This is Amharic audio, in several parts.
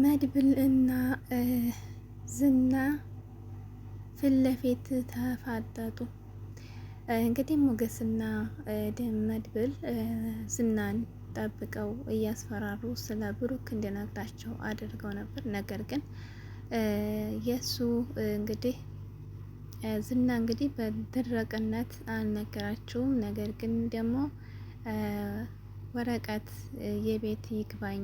መድብል እና ዝና ፊት ለፊት ተፋጠጡ። እንግዲህ ሞገስና መድብል ዝናን ጠብቀው እያስፈራሩ ስለ ብሩክ እንዲነግራቸው አድርገው ነበር። ነገር ግን የእሱ እንግዲህ ዝና እንግዲህ በድረቅነት አልነገራቸውም። ነገር ግን ደግሞ ወረቀት የቤት ይግባኝ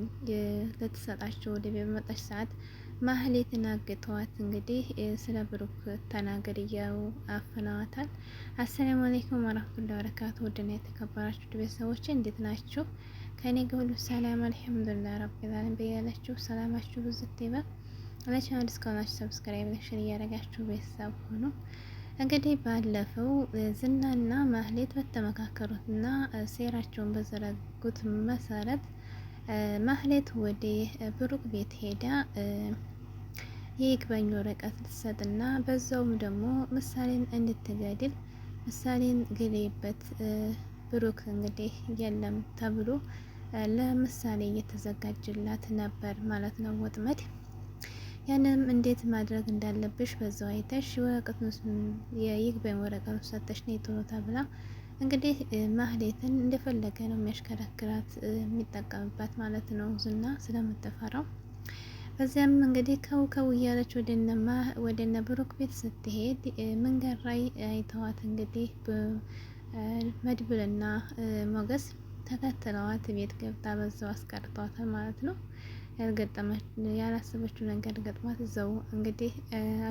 ልትሰጣቸው ወደ ቤት በመጣች ሰዓት ማህሌትን አግተዋት እንግዲህ ስለ ብሩክ ተናገር እያሉ አፍነዋታል። አሰላሙ አለይኩም ወራህመቱላሂ ወበረካቱ ውድና የተከበራችሁ ውድ ቤተሰቦች እንዴት ናችሁ? ከኔ ጋር ሁሉ ሰላም አልሐምዱሊላህ ረቢል ዓለሚን በያላችሁ ሰላማችሁ ብዙ ይበል። ለቻናል ዲስካውንት ሰብስክራይብ ሼር እያደረጋችሁ ቤተሰብ ሁኑ። እንግዲህ ባለፈው ዝናና ማህሌት በተመካከሩትና ሴራቸውን በዘረጉት መሰረት ማህሌት ወደ ብሩክ ቤት ሄዳ የይግባኝ ወረቀት ልትሰጥና በዛውም ደግሞ ምሳሌን እንድትገድል ምሳሌን ግሌበት ብሩክ እንግዲህ የለም ተብሎ ለምሳሌ እየተዘጋጀላት ነበር ማለት ነው ወጥመድ ያንንም እንዴት ማድረግ እንዳለብሽ በዛው አይተሽ ወረቀቱን የይግባኝ ወረቀቱን ሰተሽ ነው የቶሎታ ብላ እንግዲህ ማህሌትን እንደፈለገ ነው የሚያሽከረክራት የሚጠቀምባት ማለት ነው ዝና ስለምትፈራው። በዚያም እንግዲህ ከው ከው እያለች ወደነማ ወደነ ብሩክ ቤት ስትሄድ መንገድ ላይ አይተዋት እንግዲህ መድብልና ሞገስ ተከትለዋት ቤት ገብታ በዛው አስቀርቷታል ማለት ነው። ያልገጠመች ያላሰበችው ነገር ገጥማት እዛው እንግዲህ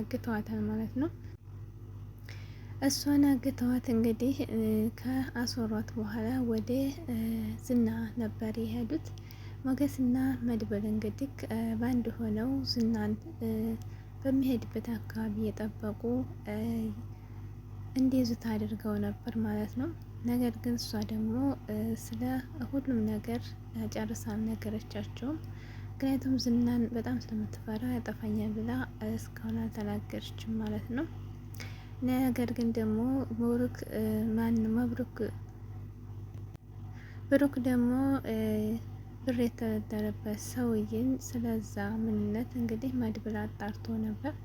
አግተዋታል ማለት ነው። እሷን አግተዋት እንግዲህ ከአስወሯት በኋላ ወደ ዝና ነበር የሄዱት። ሞገስና መድበል እንግዲህ በአንድ ሆነው ዝናን በሚሄድበት አካባቢ የጠበቁ እንዲይዙት አድርገው ነበር ማለት ነው። ነገር ግን እሷ ደግሞ ስለ ሁሉም ነገር ጨርሳ አልነገረቻቸውም። ምክንያቱም ዝናን በጣም ስለምትፈራ ያጠፋኛል ብላ እስካሁን አልተናገረችም ማለት ነው። ነገር ግን ደግሞ ብሩክ ማን መብሩክ ብሩክ ደግሞ ብር የተበደረበት ሰውዬን ስለዛ ምንነት እንግዲህ መድብል አጣርቶ ነበር።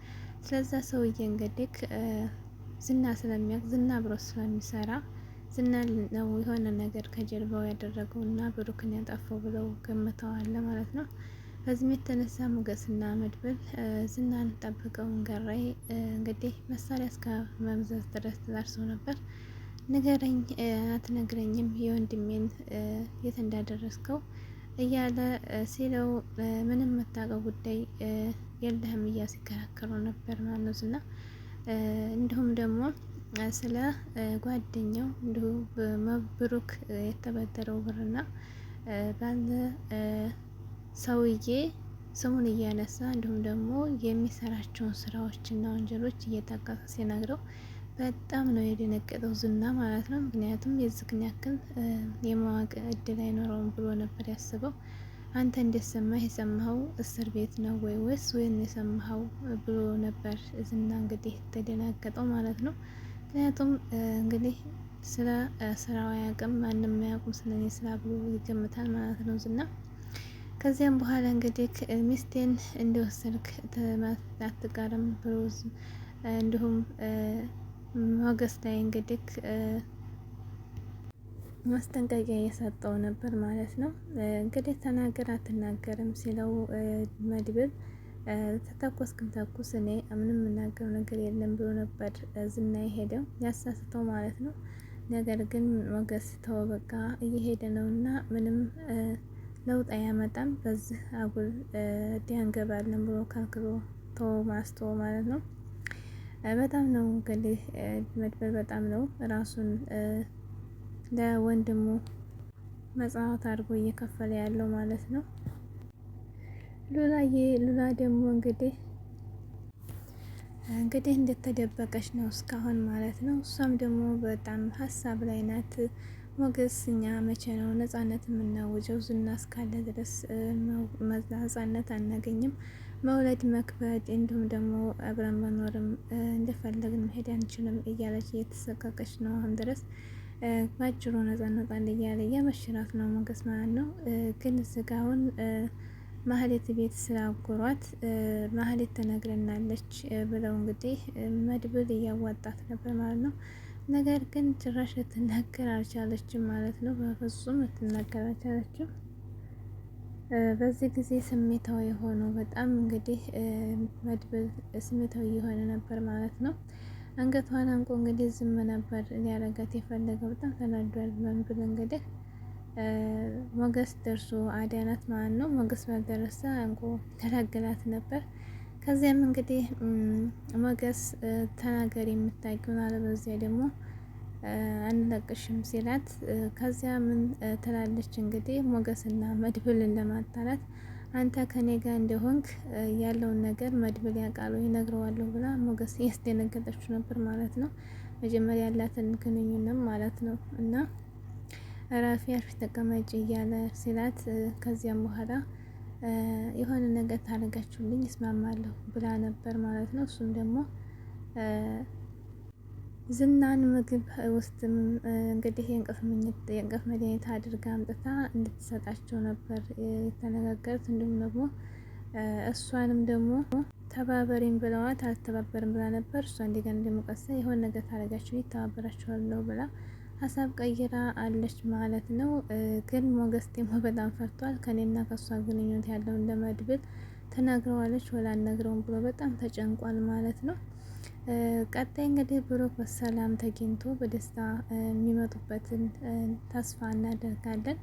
ስለዛ ሰውዬ እንግዲህ ዝና ስለሚያውቅ ዝና አብሮ ስለሚሰራ ዝና ነው የሆነ ነገር ከጀርባው ያደረገው እና ብሩክን ያጠፋው ብለው ገምተዋል ማለት ነው። በዚህም የተነሳ ሞገስና መድብል ዝናን ጠብቀውን ገራይ እንግዲህ መሳሪያ እስከ መምዘዝ ድረስ ደርሰው ነበር። ንገረኝ አትነግረኝም የወንድሜን የት እንዳደረስከው እያለ ሲለው ምንም መታቀው ጉዳይ የለህም እያ ሲከራከሩ ነበር ማነው ዝና። እንዲሁም ደግሞ ስለ ጓደኛው እንዲሁ ብሩክ የተበደረው ብርና ባለ ሰውዬ ስሙን እያነሳ እንዲሁም ደግሞ የሚሰራቸውን ስራዎችና ወንጀሎች እየጠቀሰ ሲነግረው በጣም ነው የደነገጠው ዝና ማለት ነው። ምክንያቱም የዚህን ያክል የማወቅ እድል አይኖረውም ብሎ ነበር ያስበው። አንተ እንደሰማህ የሰማኸው እስር ቤት ነው ወይ ወይስ ወይም የሰማኸው ብሎ ነበር ዝና እንግዲህ ተደናገጠው ማለት ነው። ምክንያቱም እንግዲህ ስለ ስራው አያውቅም፣ ማንም አያውቁም ስለኔ ስራ ብሎ ይገምታል ማለት ነው ዝና ከዚያም በኋላ እንግዲህ ሚስቴን እንደወሰድክ አትቀርም ብሩዝ እንዲሁም ሞገስ ላይ እንግዲህ ማስጠንቀቂያ እየሰጠው ነበር ማለት ነው። እንግዲህ ተናገር አትናገርም ሲለው መድብል ተተኮስ ግን ተኩስ እኔ ምንም የምናገረው ነገር የለም ብሎ ነበር ዝና የሄደው ያሳስተው ማለት ነው። ነገር ግን ሞገስ ተወበቃ እየሄደ ነው እና ምንም ለውጥ አያመጣም። በዚህ አጉል እዲያ እንገባለን ብሎ ከልክሎ ተወ ማስቶ ማለት ነው። በጣም ነው እንግዲህ መድብል በጣም ነው ራሱን ለወንድሙ መጽዋት አድርጎ እየከፈለ ያለው ማለት ነው። ሉላዬ ሉላ ደግሞ እንግዲህ እንግዲህ እንደተደበቀች ነው እስካሁን ማለት ነው። እሷም ደግሞ በጣም ሀሳብ ላይ ናት። ሞገስ እኛ መቼ ነው ነጻነት የምናውጀው? ዝና እስካለ ድረስ ነጻነት አናገኝም። መውለድ መክበድ፣ እንዲሁም ደግሞ አብረን መኖርም እንደፈለግን መሄድ አንችልም እያለች እየተሰቃቀች ነው አሁን ድረስ ባጭሩ ነጻነት አለ እያለ እያመሽራት ነው ሞገስ ማለት ነው። ግን ስጋውን ማህሌት ቤት ስላጎሯት ማህሌት ተነግረናለች ብለው እንግዲህ መድብል እያዋጣት ነበር ማለት ነው። ነገር ግን ጭራሽ ልትናገር አልቻለችም ማለት ነው። በፍጹም ልትናገር አልቻለችም። በዚህ ጊዜ ስሜታዊ የሆነው በጣም እንግዲህ መድብል ስሜታዊ የሆነ ነበር ማለት ነው። አንገቷን አንቆ እንግዲህ ዝም ነበር ሊያረጋት የፈለገው በጣም ተናዷል። መንብል እንግዲህ ሞገስ ደርሶ አዳናት ማለት ነው። ሞገስ ባልደረሰ አንቆ ተላግላት ነበር። ከዚያም እንግዲህ ሞገስ ተናገሪ የምታውቂውን አለበዚያ ደግሞ አንለቅሽም ሲላት ከዚያ ምን ትላለች እንግዲህ ሞገስና መድብልን ለማጣላት አንተ ከኔ ጋር እንደሆንክ ያለውን ነገር መድብል ያውቃሉ ይነግረዋለሁ ብላ ሞገስ እያስደነገጠች ነበር ማለት ነው። መጀመሪያ ያላትን ግንኙነት ማለት ነው። እና ራፊ አርፊ ተቀመጭ እያለ ሲላት ከዚያም በኋላ የሆነ ነገር ታደርጋችሁልኝ እስማማለሁ ብላ ነበር ማለት ነው። እሱም ደግሞ ዝናን ምግብ ውስጥ እንግዲህ የእንቅልፍ ምኝት የእንቅልፍ መድኃኒት አድርጋ አምጥታ እንድትሰጣቸው ነበር የተነጋገሩት። እንዲሁም ደግሞ እሷንም ደግሞ ተባበሪም ብለዋት አልተባበርም ብላ ነበር። እሷ እንደገና ደግሞ ቀስታ የሆነ ነገር ታደርጋችሁ ይተባበራችኋለሁ ብላ ሀሳብ ቀይራ አለች ማለት ነው። ግን ሞገስ ደግሞ በጣም ፈርቷል። ከኔና ከሷ ግንኙነት ያለውን ለመድብል ተናግረዋለች ወላ አልነግረውም ብሎ በጣም ተጨንቋል ማለት ነው። ቀጣይ እንግዲህ ብሩክ በሰላም ተገኝቶ በደስታ የሚመጡበትን ተስፋ እናደርጋለን።